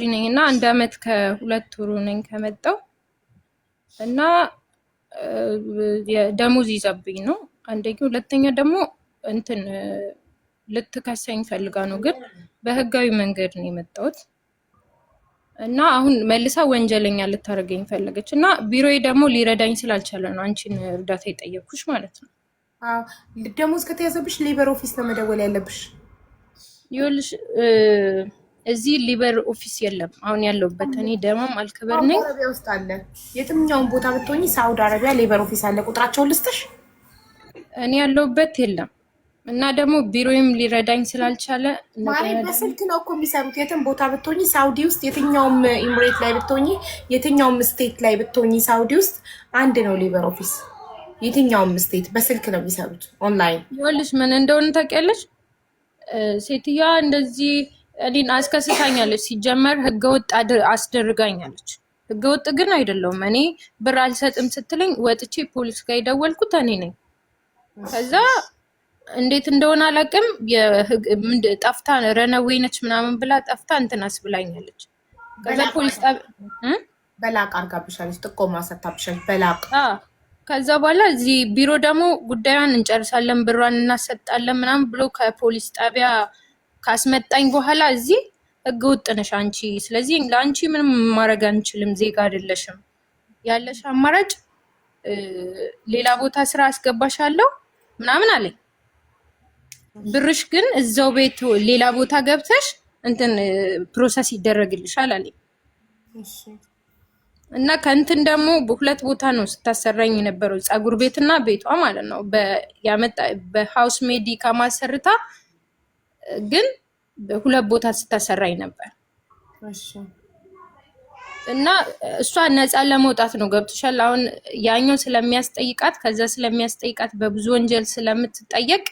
ልጅ ነኝ እና አንድ አመት ከሁለት ወሩ ነኝ ከመጣው እና ደሞዝ ይዛብኝ ነው አንደኛ። ሁለተኛ ደግሞ እንትን ልትከሰኝ ፈልጋ ነው፣ ግን በህጋዊ መንገድ ነው የመጣሁት እና አሁን መልሳ ወንጀለኛ ልታደርገኝ ፈለገች እና ቢሮዬ ደግሞ ሊረዳኝ ስላልቻለ ነው አንቺን እርዳታ የጠየኩሽ ማለት ነው። ደሞዝ ከተያዘብሽ ሌበር ኦፊስ ነው መደወል ያለብሽ። ይኸውልሽ እዚህ ሊበር ኦፊስ የለም። አሁን ያለሁበት እኔ ደማም አልከበር ነኝ። አረቢያ ውስጥ አለ። የትኛውን ቦታ ብትሆኝ ሳውዲ አረቢያ ሊበር ኦፊስ አለ። ቁጥራቸውን ልስጥሽ። እኔ ያለውበት የለም እና ደግሞ ቢሮዬም ሊረዳኝ ስላልቻለ በስልክ ነው እኮ የሚሰሩት። የትም ቦታ ብትሆኝ ሳውዲ ውስጥ የትኛውም ኢምሬት ላይ ብትሆኝ፣ የትኛውም ስቴት ላይ ብትሆኝ ሳውዲ ውስጥ አንድ ነው ሊበር ኦፊስ። የትኛውም ስቴት በስልክ ነው የሚሰሩት ኦንላይን። ይኸውልሽ ምን እንደሆነ ታውቂያለሽ ሴትዮዋ እንደዚህ እኔን አስከስታኛለች። ሲጀመር ህገወጥ አስደርጋኛለች። ህገወጥ ግን አይደለውም። እኔ ብር አልሰጥም ስትለኝ ወጥቼ ፖሊስ ጋር የደወልኩት እኔ ነኝ። ከዛ እንዴት እንደሆነ አላውቅም። ጠፍታ ረነዌ ነች ምናምን ብላ ጠፍታ እንትናስ ብላኛለች። ከዛ ፖሊስ በላቅ አርጋብሻለች፣ ጥቆማ ሰታብሻለች። በላቅ ከዛ በኋላ እዚህ ቢሮ ደግሞ ጉዳዩን እንጨርሳለን፣ ብሯን እናሰጣለን ምናምን ብሎ ከፖሊስ ጣቢያ ካስመጣኝ በኋላ እዚህ ህገ ወጥ ነሽ አንቺ። ስለዚህ ለአንቺ ምንም ማድረግ አንችልም፣ ዜጋ አይደለሽም። ያለሽ አማራጭ ሌላ ቦታ ስራ አስገባሻለሁ ምናምን አለኝ። ብርሽ ግን እዛው ቤት ሌላ ቦታ ገብተሽ እንትን ፕሮሰስ ይደረግልሻል አለኝ። እና ከእንትን ደግሞ በሁለት ቦታ ነው ስታሰራኝ የነበረው፣ ፀጉር ቤትና ቤቷ ማለት ነው። በሀውስ ሜዲካ ማሰርታ ግን ሁለት ቦታ ስታሰራይ ነበር እና እሷ ነፃ ለመውጣት ነው። ገብቶሻል? አሁን ያኛው ስለሚያስጠይቃት ከዛ ስለሚያስጠይቃት በብዙ ወንጀል ስለምትጠየቅ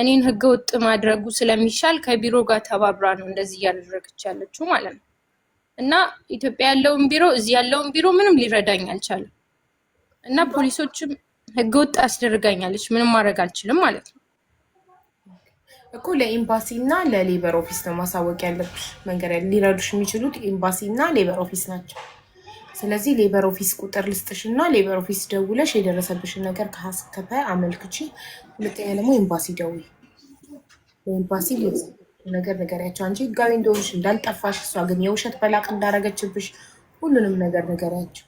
እኔን ህገወጥ ማድረጉ ስለሚሻል ከቢሮ ጋር ተባብራ ነው እንደዚህ እያደረገች ያለችው ማለት ነው። እና ኢትዮጵያ ያለውን ቢሮ እዚህ ያለውን ቢሮ ምንም ሊረዳኝ አልቻለም። እና ፖሊሶችም ህገወጥ አስደርጋኛለች። ምንም ማድረግ አልችልም ማለት ነው። እኮ ለኤምባሲ እና ለሌበር ኦፊስ ነው ማሳወቅ ያለብሽ። መንገድ ሊረዱሽ የሚችሉት ኤምባሲ እና ሌበር ኦፊስ ናቸው። ስለዚህ ሌበር ኦፊስ ቁጥር ልስጥሽ እና ሌበር ኦፊስ ደውለሽ የደረሰብሽን ነገር ከሀስከፈ አመልክቺ። ሁለተኛ ደግሞ ኤምባሲ ደዊ ኤምባሲ ነገር ነገሪያቸው አንቺ ህጋዊ እንደሆንሽ እንዳልጠፋሽ፣ እሷ ግን የውሸት በላቅ እንዳረገችብሽ ሁሉንም ነገር ነገሪያቸው።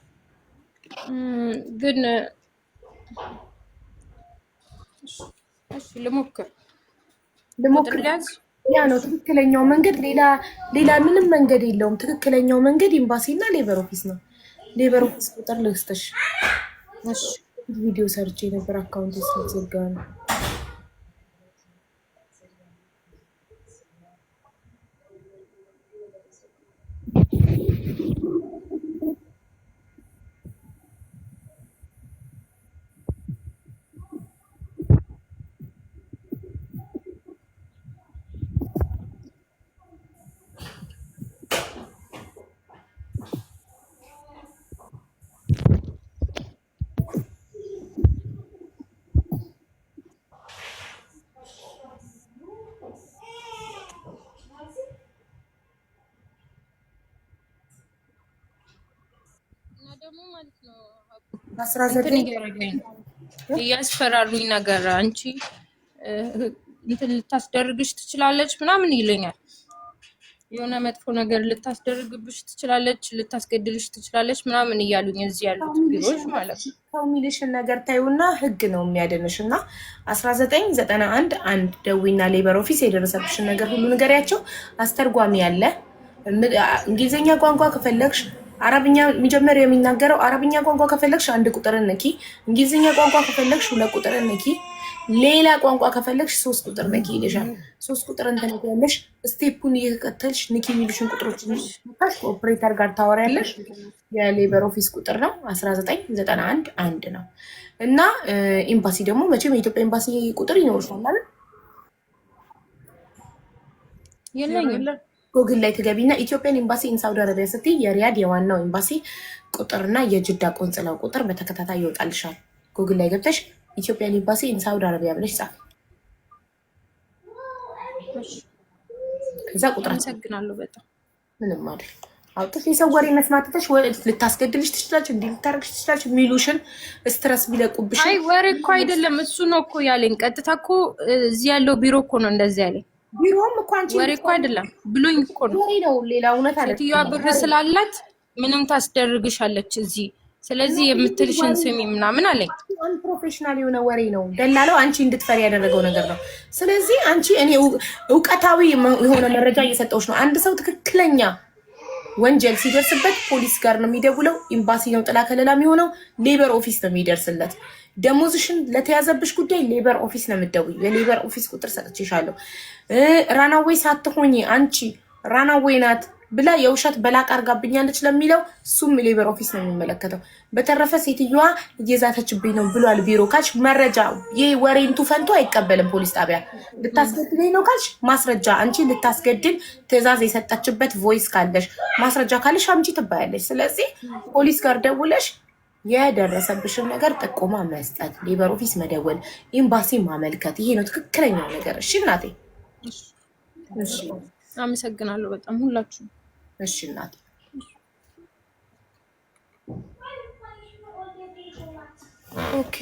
ግን ልሞክር ያ ነው ትክክለኛው መንገድ። ሌላ ሌላ ምንም መንገድ የለውም። ትክክለኛው መንገድ ኤምባሲ እና ሌበር ኦፊስ ነው። ሌበር ኦፊስ ቁጥር ልስጥሽ። ቪዲዮ ሰርቼ ነበር አካውንት ስለዘጋ ነው። ደግሞ ማለት ነው ዘጠኝ እያስፈራሩኝ ነገር አንቺ እንትን ልታስደርግሽ ትችላለች ምናምን ይለኛል። የሆነ መጥፎ ነገር ልታስደርግብሽ ትችላለች፣ ልታስገድልሽ ትችላለች ምናምን እያሉኝ እዚህ ያሉት ቢሮች ማለት ነው። ሰው ነገር ታዩና ህግ ነው የሚያድንሽ። እና አስራ ዘጠኝ ዘጠና አንድ አንድ ደዊና ሌበር ኦፊስ የደረሰብሽን ነገር ሁሉ ንገሪያቸው። አስተርጓሚ ያለ እንግሊዝኛ ቋንቋ ከፈለግሽ አረብኛ መጀመሪያ የሚናገረው አረብኛ ቋንቋ ከፈለግሽ አንድ ቁጥር ነኪ፣ እንግሊዝኛ ቋንቋ ከፈለግሽ ሁለት ቁጥር ነኪ፣ ሌላ ቋንቋ ከፈለግሽ ሶስት ቁጥር ነኪ ይልሻል። ሶስት ቁጥር እንተነገለሽ ስቴፑን እየተከተልሽ ንኪ የሚሉሽን ቁጥሮች ካሽ ኦፕሬተር ጋር ታወሪያለሽ። የሌበር ኦፊስ ቁጥር ነው አስራ ዘጠኝ ዘጠና አንድ አንድ ነው እና ኤምባሲ ደግሞ መቼም የኢትዮጵያ ኤምባሲ ቁጥር ይኖርሻል አይደል? የለኝም ጎግል ላይ ትገቢና ኢትዮጵያን ኤምባሲ ኢን ሳውዲ አረቢያ ስትይ የሪያድ የዋናው ኤምባሲ ቁጥርና የጅዳ ቆንጽላው ቁጥር በተከታታይ ይወጣልሻል። ጎግል ላይ ገብተሽ ኢትዮጵያን ኤምባሲ ኢን ሳውዲ አረቢያ ብለሽ ጻፍ። ከዛ ቁጥር በጣም ምንም አይደል። አውጥሽ የሰው ወሬ መስማትተሽ ልታስገድልሽ ትችላለች፣ እንዲህ ልታረግሽ ትችላለች። የሚሉሽን ስትረስ ቢለቁብሽ። አይ ወሬ እኮ አይደለም እሱ ነው እኮ ያለኝ። ቀጥታ እኮ እዚህ ያለው ቢሮ እኮ ነው እንደዚህ ያለኝ ቢሮም እኮ አንቺ ወሬ እኮ አይደለም ብሎኝ እኮ ነው። ወሬ ነው ሌላ እውነት አለ። ሴትዮዋ ብር ስላላት ምንም ታስደርግሻለች እዚህ ስለዚህ የምትልሽን ስሚ ምናምን አለኝ። ፕሮፌሽናል የሆነ ወሬ ነው። ደላለው አንቺ እንድትፈሪ ያደረገው ነገር ነው። ስለዚህ አንቺ እኔ እውቀታዊ የሆነ መረጃ እየሰጠሁሽ ነው። አንድ ሰው ትክክለኛ ወንጀል ሲደርስበት ፖሊስ ጋር ነው የሚደውለው። ኤምባሲ ነው ጥላ ከለላ የሚሆነው። ሌበር ኦፊስ ነው የሚደርስለት። ደሞዝሽን ለተያዘብሽ ጉዳይ ሌበር ኦፊስ ነው የምትደውይው። የሌበር ኦፊስ ቁጥር ሰጥቼሻለሁ። ራናዌይ ሳትሆኚ አንቺ ራናዌይ ናት ብላ የውሸት በላቅ አርጋብኛለች ለሚለው እሱም ሌበር ኦፊስ ነው የሚመለከተው። በተረፈ ሴትዮዋ እየዛተችብኝ ነው ብሏል ቢሮ ካች መረጃ ይህ ወሬንቱ ፈንቶ አይቀበልም። ፖሊስ ጣቢያ ልታስገድለኝ ነው ካች ማስረጃ አንቺ ልታስገድል ትዕዛዝ የሰጠችበት ቮይስ ካለሽ ማስረጃ ካለሽ አምጪ ትባያለች። ስለዚህ ፖሊስ ጋር ደውለሽ የደረሰብሽን ነገር ጥቆማ መስጠት፣ ሌበር ኦፊስ መደወል፣ ኤምባሲ ማመልከት፣ ይሄ ነው ትክክለኛው ነገር። እሺ እናቴ፣ አመሰግናለሁ በጣም ሁላችሁም። እሺ እናት ኦኬ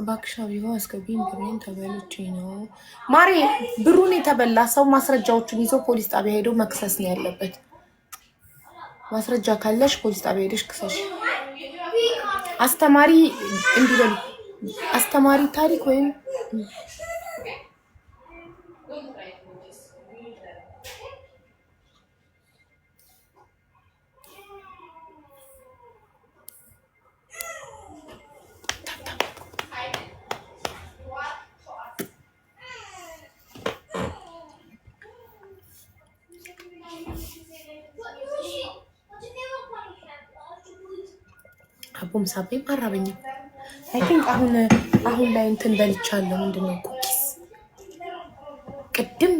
እባክሽ አቢባ አስገቢኝ፣ ብሬን ተበልቼ ነው። ማሬ ብሩን የተበላ ሰው ማስረጃዎቹን ይዞ ፖሊስ ጣቢያ ሄዶ መክሰስ ነው ያለበት። ማስረጃ ካለሽ ፖሊስ ጣቢያ ሄደሽ ክሰሽ። አስተማሪ እንዲበሉ አስተማሪ ታሪክ ወይም ሳበኝ አራበኝም። አይ ቲንክ አሁን አሁን ላይ እንትን በልቻለሁ። ምንድን ነው ኩኪስ። ቅድም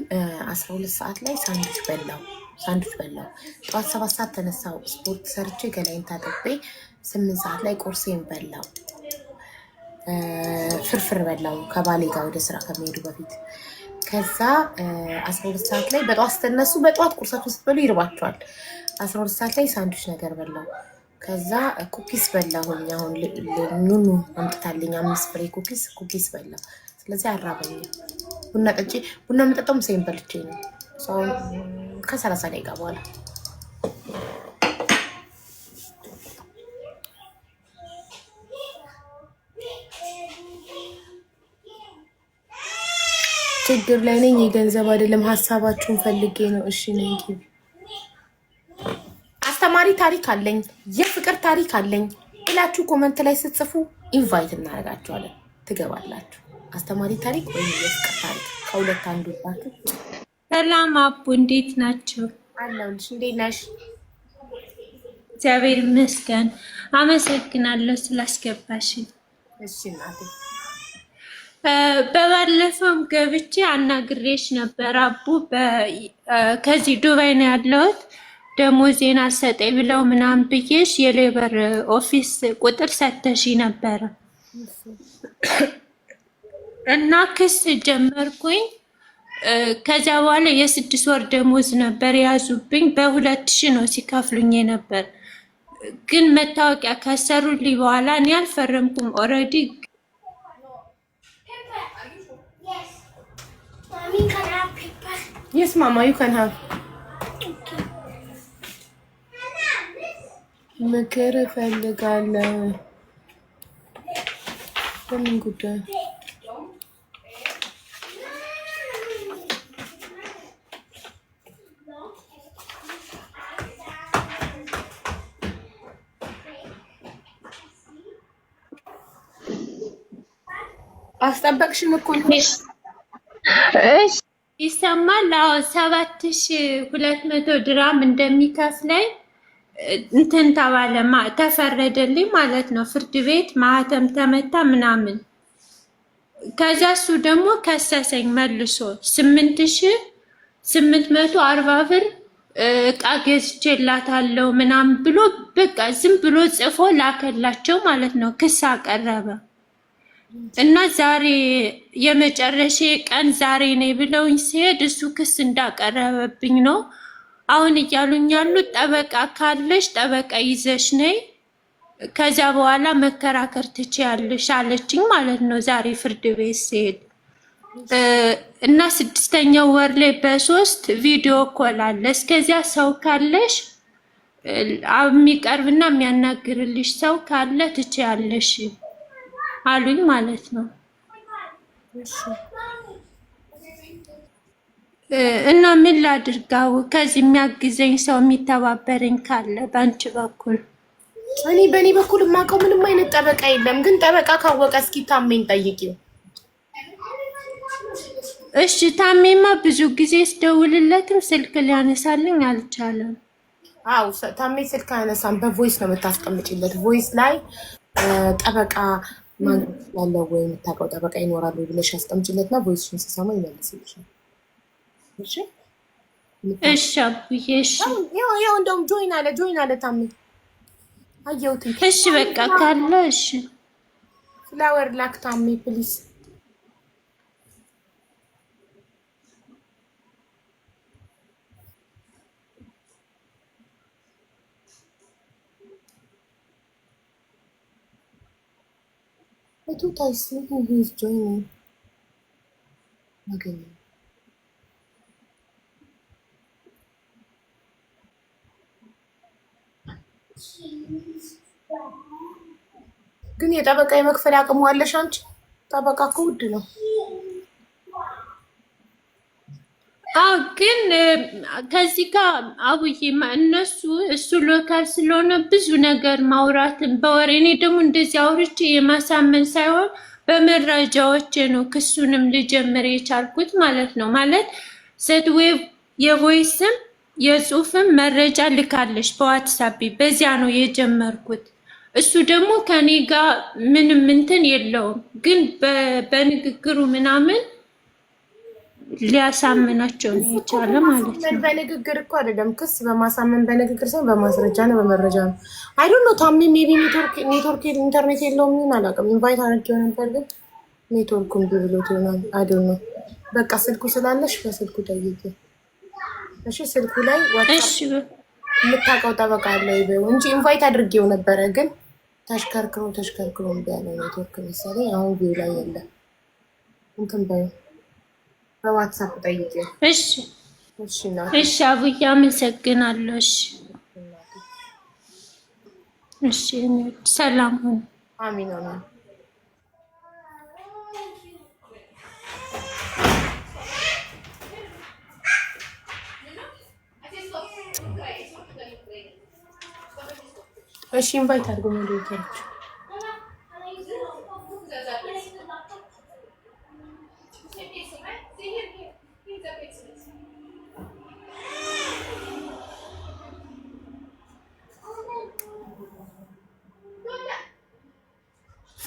አስራ ሁለት ሰዓት ላይ ሳንዱች በላው ሳንዱች በላው። ጠዋት ሰባት ሰዓት ተነሳው ስፖርት ሰርቼ ገላይን ታጠቤ ስምንት ሰዓት ላይ ቁርሴን በላው። ፍርፍር በላው ከባሌ ጋር ወደ ስራ ከመሄዱ በፊት ከዛ አስራ ሁለት ሰዓት ላይ በጠዋት ስትነሱ በጠዋት ቁርሳችሁን ስትበሉ ይርባችኋል። አስራ ሁለት ሰዓት ላይ ሳንዱች ነገር በላው። ከዛ ኩኪስ በላሁኝ። አሁን ኑኑ አምጥታልኝ አምስት ፍሬ ኩኪስ ኩኪስ በላሁ። ስለዚህ አራበኝ። ቡና ጠጪ ቡና የምጠጣው ምሳዬን በልቼ ነው። አሁን ከሰላሳ ደቂቃ በኋላ ችግር ላይ ነኝ። የገንዘብ አይደለም ሀሳባችሁን ፈልጌ ነው። እሺ ነኝ የተማሪ ታሪክ አለኝ፣ የፍቅር ታሪክ አለኝ ብላችሁ ኮመንት ላይ ስትጽፉ ኢንቫይት እናደርጋችኋለን። ትገባላችሁ። አስተማሪ ታሪክ ወይም የፍቅር ታሪክ ከሁለት አንዱ ባት። ሰላም አቡ፣ እንዴት ናቸው? አለሁልሽ። እንዴት ነሽ? እግዚአብሔር ይመስገን። አመሰግናለሁ ስላስገባሽኝ። እሺ እናቴ በባለፈውም ገብቼ አናግሬሽ ነበር አቡ። ከዚህ ዱባይ ነው ያለሁት ደግሞ ዜና ሰጠኝ ብለው ምናምን ብዬሽ የሌበር ኦፊስ ቁጥር ሰተሺ ነበረ እና ክስ ጀመርኩኝ። ከዚያ በኋላ የስድስት ወር ደሞዝ ነበር የያዙብኝ። በሁለት ሺ ነው ሲከፍሉኝ ነበር። ግን መታወቂያ ከሰሩልኝ በኋላ እኔ አልፈረምኩም ኦልሬዲ Yes, Mama, you can ምክር እፈልጋለሁ። በምን ጉዳይ? አስጠበቅሽም እኮ ይሰማል። አዎ ሰባት ሺህ ሁለት መቶ ድራም እንደሚከፍለኝ እንትን ተባለ ተፈረደልኝ ማለት ነው። ፍርድ ቤት ማህተም ተመታ ምናምን። ከዛ እሱ ደግሞ ከሰሰኝ መልሶ ስምንት ሺ ስምንት መቶ አርባ ብር እቃ ገዝቼላታለሁ ምናምን ብሎ በቃ ዝም ብሎ ጽፎ ላከላቸው ማለት ነው። ክስ አቀረበ እና ዛሬ የመጨረሻ ቀን ዛሬ ነኝ ብለውኝ ሲሄድ እሱ ክስ እንዳቀረበብኝ ነው አሁን እያሉኝ ያሉት ጠበቃ ካለሽ ጠበቃ ይዘሽ ነይ፣ ከዚያ በኋላ መከራከር ትችያለሽ አለችኝ ማለት ነው። ዛሬ ፍርድ ቤት ስሄድ እና ስድስተኛው ወር ላይ በሶስት ቪዲዮ ኮላለ። እስከዚያ ሰው ካለሽ የሚቀርብና የሚያናግርልሽ ሰው ካለ ትችያለሽ አሉኝ ማለት ነው። እና ምን ላድርጋው? ከዚህ የሚያግዘኝ ሰው የሚተባበረኝ ካለ በአንቺ በኩል እኔ በእኔ በኩል የማውቀው ምንም አይነት ጠበቃ የለም። ግን ጠበቃ ካወቀ እስኪ ታሜን ጠይቂው። እሺ ታሜማ ብዙ ጊዜ ስደውልለትም ስልክ ሊያነሳልኝ አልቻለም። አው ታሜ ስልክ አያነሳም። በቮይስ ነው የምታስቀምጭለት። ቮይስ ላይ ጠበቃ ማግኘት ያለው ወይ የምታውቀው ጠበቃ ይኖራሉ ብለሽ ያስቀምጭለትና ቮይስሽን ሲሰማ ይመልስልሻል። እሺ አቡዬ፣ እሺ ያው ያው እንደውም ጆይን አለ ጆይን አለ ታሜ አየሁት። እሺ በቃ ካለ እሺ ፍላወር ላክ ታሜ ፕሊዝ። I thought I see who is joining. Okay. ግን የጠበቃ የመክፈል አቅሙ አለሽ አንቺ? ጠበቃ እኮ ውድ ነው። አዎ ግን ከዚህ ጋር አቡዬ እነሱ እሱ ሎካል ስለሆነ ብዙ ነገር ማውራትን በወሬ እኔ ደግሞ እንደዚህ አውርቼ የማሳመን ሳይሆን በመረጃዎች ነው ክሱንም ልጀምር የቻልኩት ማለት ነው። ማለት ዌብ የቮይስም የጽሁፍም መረጃ ልካለች በዋትሳፕ በዚያ ነው የጀመርኩት። እሱ ደግሞ ከኔ ጋር ምንም እንትን የለውም፣ ግን በንግግሩ ምናምን ሊያሳምናቸው ነው የቻለ ማለት ነው። በንግግር እኮ አይደለም ክስ በማሳመን በንግግር ሳይሆን በማስረጃ ነው በመረጃ ነው። አይ ዶንት ኖ ታሜ ሜቢ ኔትወርክ ኢንተርኔት የለውም ይሆን አላውቅም። ኢንቫይት አድርጌው ነበር ግን ኔትወርኩን እምቢ ይሆናል። አይ ዶንት ኖ በቃ ስልኩ ስላለሽ በስልኩ ጠይቂ እሺ። ስልኩ ላይ የምታውቀው ጠበቃ አለ እንጂ ኢንቫይት አድርጌው ነበረ ግን ተሽከርክሮ ተሽከርክሮ ያለ ኔትወርክ መሰለኝ። አሁን ቪው ላይ የለም። እንትን በይ በዋትሳፕ ጠይቄ። እሺ እሺ፣ አቡዬ አመሰግናለሁ። እሺ እሺ፣ ሰላም ሁኑ። አሚን አሚን። እሺ ኢንቫይት አድርጎ ነው ዶክተሮች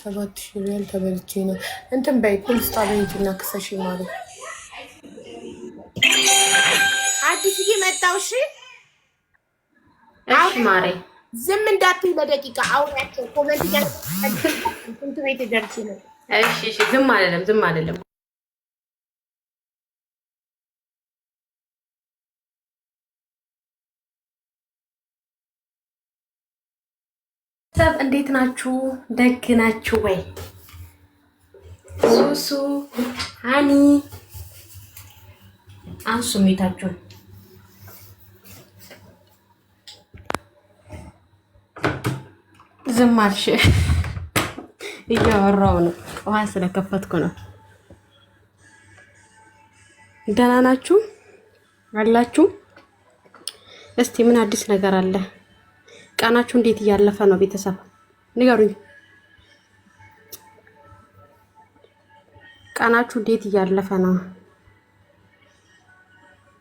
ሰባት ሺህ ሪያል ተበልቼ ነው እንትን በይ ፖሊስ ጣቢያ ሂጂና ክሰሽ ማለት አዲስ መጣው። እሺ ማሬ ዝም እንዳትይ ለደቂቃ አውሪያቸው። ኮመንት ስንት ቤት ደርሽ ነው? እሺ እሺ፣ ዝም አይደለም፣ ዝም አይደለም። ሰብ እንዴት ናችሁ? ደግ ናችሁ ወይ? ሱሱ ሃኒ አንሱ ሜታችሁን ዝም አልሽ። እያወራው ነው። ውሃ ስለከፈትኩ ነው። ደህና ናችሁ አላችሁ? እስቲ ምን አዲስ ነገር አለ? ቀናችሁ እንዴት እያለፈ ነው? ቤተሰብ ንገሩኝ። ቀናችሁ እንዴት እያለፈ ነው?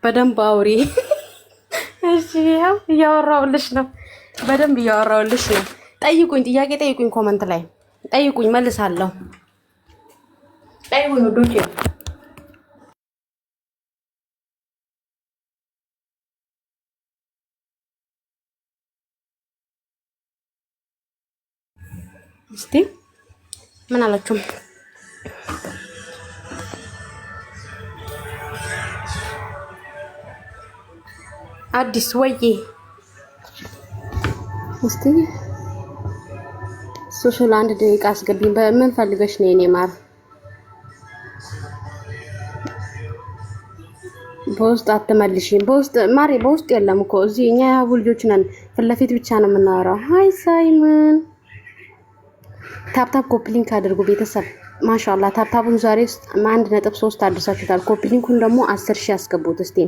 በደንብ አውሪ። እሺ፣ ያው እያወራውልሽ ነው። በደንብ እያወራውልሽ ነው። ጠይቁኝ፣ ጥያቄ ጠይቁኝ፣ ኮመንት ላይ ጠይቁኝ፣ መልሳለሁ። ጠይቁኝ ውዶቼ። እስቲ ምን አላችሁም? አዲስ ወዬ እስቲ ሱሱ ለአንድ ደቂቃ አስገቢኝ። በምን ፈልገሽ ነው የኔ ማር? በውስጥ አትመልሽም። በውስጥ ማሬ፣ በውስጥ የለም እኮ እዚህ እኛ የሀቡ ልጆች ነን። ፊት ለፊት ብቻ ነው የምናወራው። ሀይ ሳይምን፣ ታፕታፕ ኮፕሊንክ አድርጉ ቤተሰብ። ማሻላ ታፕታፑን ዛሬ አንድ ነጥብ ሶስት አድርሳችሁታል። ኮፕሊንኩን ደግሞ አስር ሺህ ያስገቡት። እስቲ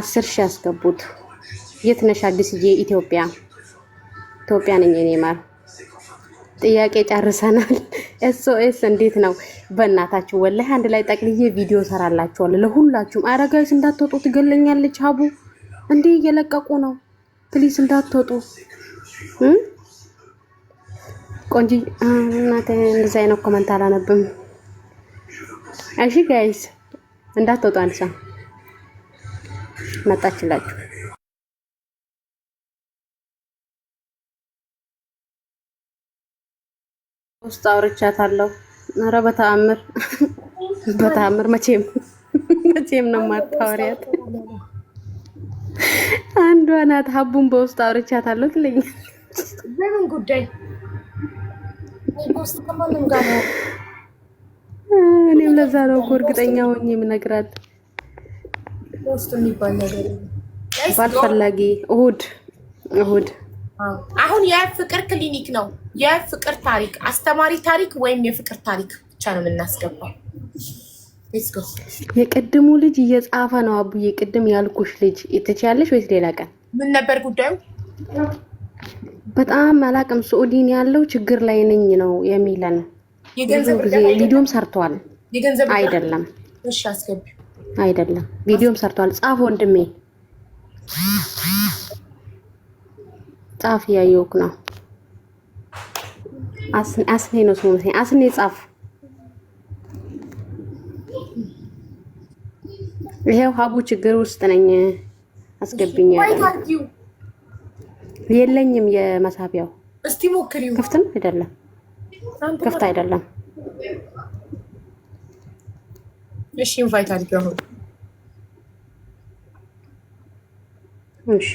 አስር ሺህ ያስገቡት። የት ነሽ አዲስዬ? ኢትዮጵያ ኢትዮጵያ ነኝ የኔ ማር ጥያቄ ጨርሰናል። ኤስኦኤስ እንዴት ነው? በእናታችሁ ወላሂ አንድ ላይ ጠቅልዬ ቪዲዮ ሰራላችኋል ለሁላችሁም። አረጋይስ እንዳትወጡ ትገለኛለች። አቡ እንዴ እየለቀቁ ነው። ፕሊስ እንዳትወጡ። ቆንጂ እናቴ እንደዚህ አይነት ኮመንት አላነብም። እሺ ጋይስ እንዳትወጡ። አንሳ መጣችላችሁ ውስጥ አውርቻታለሁ። ኧረ በተአምር በተአምር መቼም መቼም ነው ማታወሪያት። አንዷ ናት ሀቡን በውስጥ አውርቻታለሁ ትለኛለች። በምን ጉዳይ እኔም ለዛ ነው እኮ እርግጠኛ ሆኜ የምነግራት። ባልፈላጊ እሁድ እሁድ አሁን ያ ፍቅር ክሊኒክ ነው የፍቅር ታሪክ አስተማሪ ታሪክ ወይም የፍቅር ታሪክ ብቻ ነው የምናስገባው። የቅድሙ ልጅ እየጻፈ ነው አቡ። የቅድም ያልኩሽ ልጅ ትችያለሽ ወይስ ሌላ ቀን? ምን ነበር ጉዳዩ? በጣም አላቅም። ስዑዲን ያለው ችግር ላይ ነኝ ነው የሚለን። ቪዲዮም ሰርተዋል አይደለም? አይደለም፣ ቪዲዮም ሰርተዋል። ጻፍ ወንድሜ ጻፍ፣ እያየሁህ ነው አስኔ ነው ስሙ መሰለኝ። አስኔ ጻፉ። ይሄው ሀቡ ችግር ውስጥ ነኝ። አስገብኝ የለኝም የመሳቢያው። እስቲ ሞክሪው። ክፍትም አይደለም ክፍት አይደለም። እሺ ኢንቫይት አድርገው። እሺ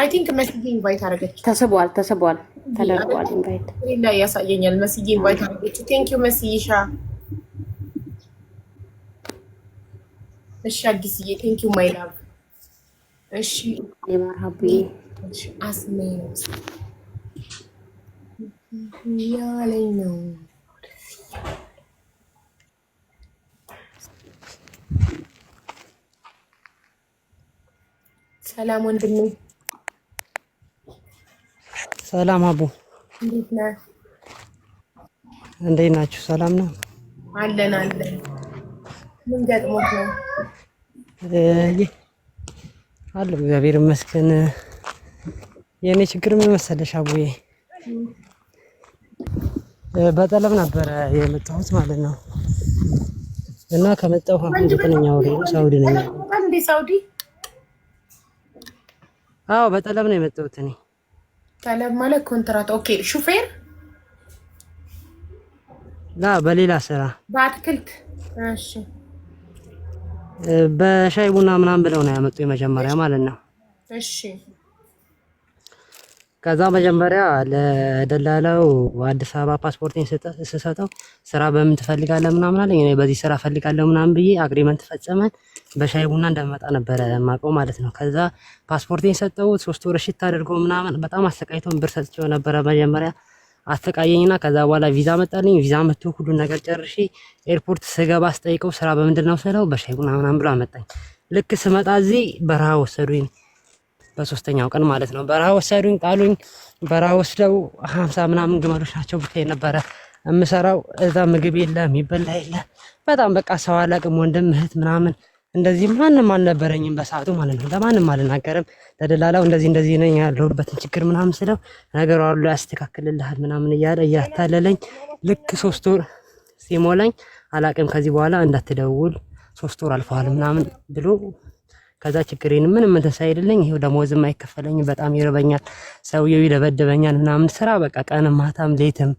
አይ ቲንክ መሲ ኢንቫይት አደረገች። ተስቧል ተስቧል። ተለቋል። ኢንቫይት ላይ ያሳየኛል። መስዬ ኢንቫይት አድርጎች ቴንክ ዩ መስዬሻ። እሺ አዲስዬ ቴንክ ዩ ማይ ላቭ። እሺ የመርሃቡ አስሜ ነው ያለኝ ነው ሰላም ወንድሜ ሰላም አቡ፣ እንዴት ነህ? እንዴት ናችሁ? ሰላም ነው አለን አለን። ምን ገጥሞት ነው? አለ እግዚአብሔር ይመስገን። የእኔ ችግር ምን መሰለሽ አቦዬ፣ በጠለብ ነበረ የመጣሁት ማለት ነው እና ከመጣሁ አሁን ዘጠነኛ ነው ሳውዲ ነኝ። ሳውዲ? አዎ በጠለብ ነው የመጣሁት እኔ ጠለብ ማለት ኮንትራት። ኦኬ ሹፌር ላ በሌላ ስራ በአትክልት እሺ፣ በሻይ ቡና ምናምን ብለው ነው ያመጡ የመጀመሪያ ማለት ነው። እሺ ከዛ መጀመሪያ ለደላላው አዲስ አበባ ፓስፖርቴን ስሰጠው ስራ በምን ትፈልጋለህ ምናምን አለኝ። እኔ በዚህ ስራ ፈልጋለሁ ምናምን ብዬ አግሪመንት ፈጸመን። በሻይ ቡና እንደመጣ ነበረ ማቀው ማለት ነው። ከዛ ፓስፖርቴን ሰጠሁት። ሶስት ወር ሽት አድርጎ ምናምን በጣም አሰቃይቶን ብር ሰጥቼው ነበረ መጀመሪያ አሰቃየኝና ከዛ በኋላ ቪዛ መጣልኝ። ቪዛ መጥቶ ሁሉን ነገር ጨርሼ ኤርፖርት ስገባ አስጠይቀው ስራ በምንድን ነው ስለው በሻይ ቡና ምናምን ብሎ አመጣኝ። ልክ ስመጣ እዚህ በረሃ ወሰዱኝ። በሶስተኛው ቀን ማለት ነው። በረሃ ወሰዱኝ፣ ጣሉኝ። በረሃ ወስደው ሀምሳ ምናምን ግመሎች ናቸው ብቻ ነበረ የምሰራው እዛ። ምግብ የለ የሚበላ የለ በጣም በቃ ሰው አላቅም፣ ወንድም እህት ምናምን እንደዚህ ማንም አልነበረኝም በሰዓቱ ማለት ነው። ለማንም አልናገርም። ለደላላው እንደዚህ እንደዚህ ነኝ ያለሁበትን ችግር ምናምን ስለው ነገሩ አሉ ያስተካክልልሃል ምናምን እያለ እያታለለኝ ልክ ሶስት ወር ሲሞላኝ አላቅም ከዚህ በኋላ እንዳትደውል ሶስት ወር አልፈዋል ምናምን ብሎ ከዛ ችግሬን ምንም ምን አይደለኝ፣ ይሄው ደሞዝም አይከፈለኝም። በጣም ይርበኛል። ሰውየው ይደበደበኛል ምናምን ስራ በቃ ቀንም ማታም ሌትም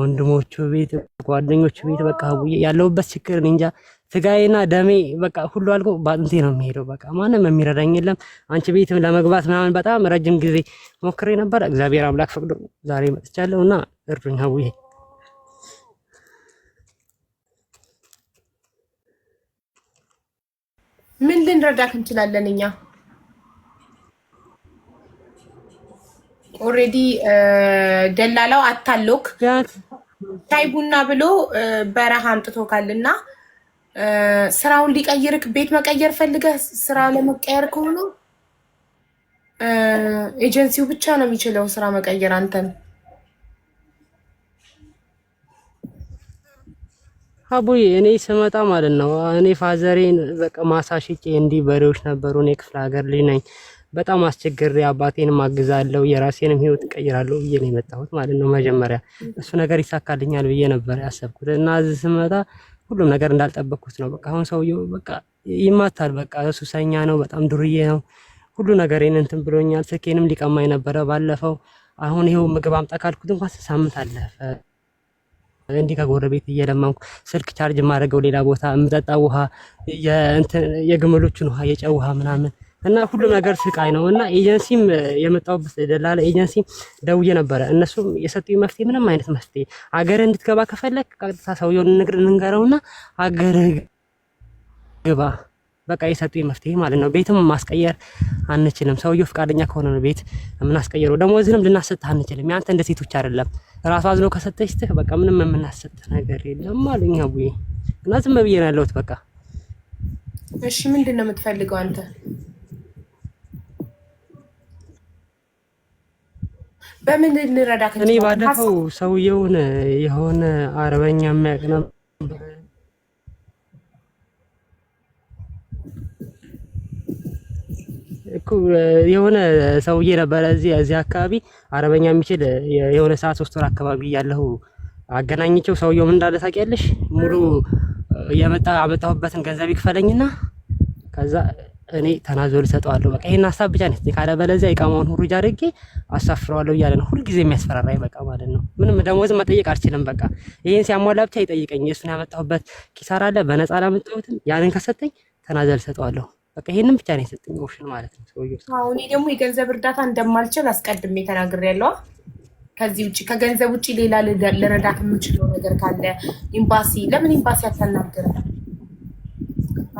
ወንድሞቹ ቤት ጓደኞቹ ቤት በቃ ያለሁበት ችግር እንጃ ስጋዬና ደሜ በቃ ሁሉ አልቆ ባጥንቴ ነው የሚሄደው። በቃ ማንም የሚረዳኝ የለም። አንቺ ቤት ለመግባት ምናምን በጣም ረጅም ጊዜ ሞክሬ ነበር። እግዚአብሔር አምላክ ፈቅዶ ዛሬ መጥቻለሁ እና እርዱኝ ሀቡዬ ምን ልንረዳክ እንችላለን? እኛ ኦሬዲ uh, ደላላው አታሎክ ሻይ ቡና ብሎ uh, በረሃ አምጥቶካልና uh, ስራውን ሊቀይርክ ቤት መቀየር ፈልገህ ስራ ለመቀየር ከሆኑ ኤጀንሲው ብቻ ነው የሚችለው ስራ መቀየር አንተን አቡዬ እኔ ስመጣ ማለት ነው እኔ ፋዘሬን በቃ ማሳሽቄ እንዲህ በሬዎች ነበሩ። እኔ ክፍለ ሀገር ልጅ ነኝ። በጣም አስቸግሬ አባቴንም አግዛለሁ የራሴንም ህይወት እቀይራለሁ ብዬ ነው የመጣሁት ማለት ነው። መጀመሪያ እሱ ነገር ይሳካልኛል ብዬ ነበር ያሰብኩት እና እዚህ ስመጣ ሁሉም ነገር እንዳልጠበቅኩት ነው። በቃ አሁን ሰውየው በቃ ይማታል። በቃ ሱሰኛ ነው፣ በጣም ዱርዬ ነው። ሁሉ ነገር እንትን ብሎኛል። ስልኬንም ሊቀማኝ ነበረ ባለፈው። አሁን ይኸው ምግብ አምጣ ካልኩት እንኳን ሳምንት አለፈ። እንዲህ ከጎረቤት እየለመንኩ ስልክ ቻርጅ የማደርገው ሌላ ቦታ የምጠጣ ውሃ የግመሎችን ውሃ የጨው ውሃ ምናምን እና ሁሉም ነገር ስቃይ ነው። እና ኤጀንሲም የመጣሁበት ደላላ ኤጀንሲ ደውዬ ነበረ። እነሱም የሰጡኝ መፍትሄ ምንም አይነት መፍትሄ አገር እንድትገባ ከፈለግ ቀጥታ ሰውየውን ንግር እንንገረውና አገር ግባ በቃ የሰጡኝ መፍትሄ ማለት ነው። ቤትም ማስቀየር አንችልም። ሰውየው ፈቃደኛ ከሆነ ነው ቤት የምናስቀየረው። ደሞዝንም ልናሰጥህ አንችልም። ያንተ እንደ ሴቶች አይደለም። ራሱ አዝሎ ከሰጠችትህ በቃ ምንም የምናሰጥ ነገር የለም አሉኝ አቡዬ እና ዝም ብዬ ነው ያለሁት። በቃ እሺ፣ ምንድን ነው የምትፈልገው አንተ? በምን ልረዳክ? እኔ ባለፈው ሰውየውን የሆነ አረበኛ የሚያቅ ነበር የሆነ ሰውዬ ነበረ እዚህ እዚህ አካባቢ አረበኛ የሚችል የሆነ ሰዓት ሶስት ወር አካባቢ ያለው አገናኝቸው። ሰውየው ምን እንዳለ ታውቂያለሽ? ሙሉ የመጣ አመጣሁበትን ገንዘብ ይክፈለኝና ከዛ እኔ ተናዞ ልሰጠዋለሁ። በቃ ይሄን ሀሳብ ብቻ ነው ካለ በለዚያ የቃማውን ሁሩጅ አድርጌ አሳፍረዋለሁ እያለ ነው ሁልጊዜ የሚያስፈራራኝ። በቃ ማለት ነው ምንም ደሞዝ መጠየቅ አልችልም። በቃ ይህን ሲያሟላ ብቻ ይጠይቀኝ። የእሱን ያመጣሁበት ኪሳራ አለ። በነፃ ላመጣሁትም ያንን ከሰጠኝ ተናዘ ልሰጠዋለሁ። በቃ ይሄንን ብቻ ነው የሰጠኝ ኦፕሽን ማለት ነው ሰውየው አሁን ደግሞ የገንዘብ እርዳታ እንደማልችል አስቀድሜ ተናግሬያለሁ። ከዚህ ውጭ ከገንዘብ ውጭ ሌላ ልረዳት የምችለው ነገር ካለ ኤምባሲ፣ ለምን ኤምባሲ አታናግረም?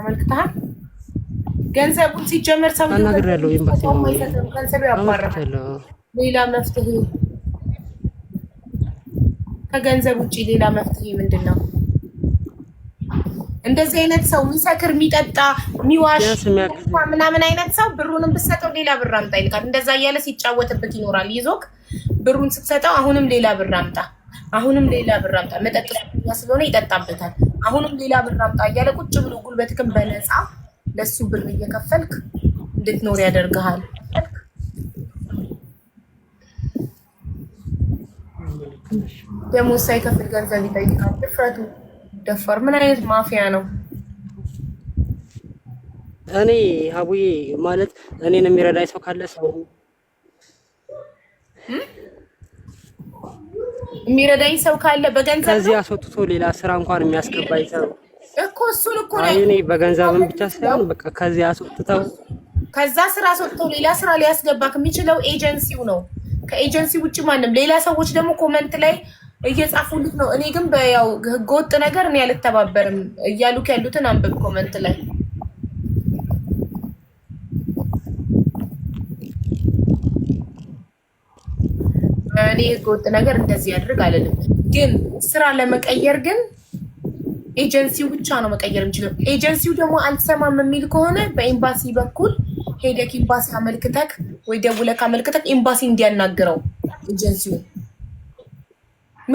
አመልክተሃል። ገንዘቡን ሲጀመር ሰው ተናግሬያለሁ። ኤምባሲ ገንዘብ ያባራል። ሌላ መፍትሄ ከገንዘብ ውጭ ሌላ መፍትሄ ምንድን ነው? እንደዚህ አይነት ሰው የሚሰክር የሚጠጣ የሚዋሽ ምናምን አይነት ሰው ብሩንም ብትሰጠው ሌላ ብር አምጣ ይልካል። እንደዛ እያለ ሲጫወትበት ይኖራል። ይዞክ ብሩን ስትሰጠው አሁንም ሌላ ብር አምጣ፣ አሁንም ሌላ ብር አምጣ፣ መጠጥ ስለሆነ ይጠጣበታል። አሁንም ሌላ ብር አምጣ እያለ ቁጭ ብሎ ጉልበትክን በነፃ ለሱ ብር እየከፈልክ እንድትኖር ያደርግሃል። ደሞዝ ሳይከፍል ገንዘብ ይጠይቃል። ድፍረቱ ደፋር ምን አይነት ማፊያ ነው? እኔ ሀቡዬ ማለት እኔን የሚረዳኝ ሰው ካለ ሰው የሚረዳኝ ሰው ካለ በገንዘብ ከዚህ አስወጥቶ ሌላ ስራ እንኳን የሚያስገባኝ ሰው እኮ እሱን እኮ ነው። እኔ በገንዘብም ብቻ ሳይሆን በቃ ከዚህ አስወጥተው ከዛ ስራ አስወጥቶ ሌላ ስራ ሊያስገባ የሚችለው ኤጀንሲው ነው። ከኤጀንሲ ውጭ ማንም ሌላ ሰዎች ደግሞ ኮመንት ላይ እየጻፉልት ነው። እኔ ግን በያው ህገወጥ ነገር እኔ አልተባበርም እያሉክ ያሉትን አንብብ ኮመንት ላይ እኔ ህገወጥ ነገር እንደዚህ ያድርግ አለልም። ግን ስራ ለመቀየር ግን ኤጀንሲው ብቻ ነው መቀየር የምችለው። ኤጀንሲው ደግሞ አልሰማም የሚል ከሆነ በኤምባሲ በኩል ሄደክ ኤምባሲ አመልክተክ ወይ ደውለክ አመልክተክ ኤምባሲ እንዲያናግረው ኤጀንሲውን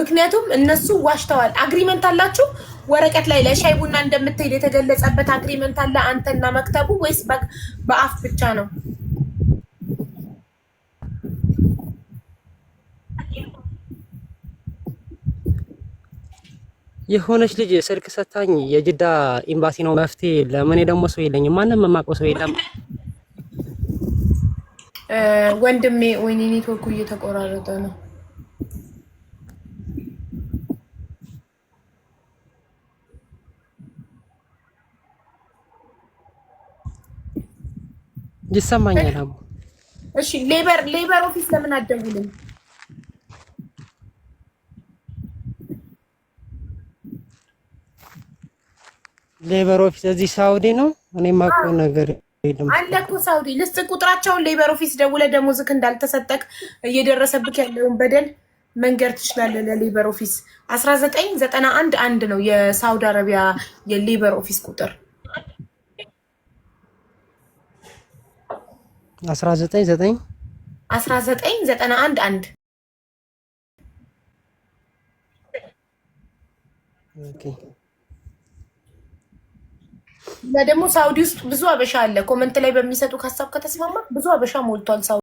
ምክንያቱም እነሱ ዋሽተዋል። አግሪመንት አላችሁ ወረቀት ላይ ለሻይ ቡና እንደምትሄድ የተገለጸበት አግሪመንት አለ አንተና መክተቡ ወይስ በአፍ ብቻ ነው? የሆነች ልጅ ስልክ ሰታኝ የጅዳ ኤምባሲ ነው መፍትሄ። ለምን ደግሞ ሰው የለኝም፣ ማንም የማውቀው ሰው የለም። ወንድሜ ወይኔ ኔትወርኩ እየተቆራረጠ ነው። ይሰማኛል። አቡ እሺ፣ ሌበር ሌበር ኦፊስ ለምን አትደውልም? ሌበር ኦፊስ እዚህ ሳውዲ ነው። እኔ ማውቀው ነገር የለም አለ እኮ ሳውዲ። ልስጥ ቁጥራቸውን። ሌበር ኦፊስ ደውለህ ደሞዝክ እንዳልተሰጠክ እየደረሰብክ ያለውን በደል መንገድ ትችላለ ለሌበር ኦፊስ 1991 አንድ ነው የሳውዲ አረቢያ የሌበር ኦፊስ ቁጥር አስራ ዘጠኝ ዘጠኝ አስራ ዘጠኝ ዘጠና አንድ አንድ እና ደግሞ ሳውዲ ውስጥ ብዙ አበሻ አለ። ኮመንት ላይ በሚሰጡ ሀሳብ ከተስማማ ብዙ አበሻ ሞልቷል ሳውዲ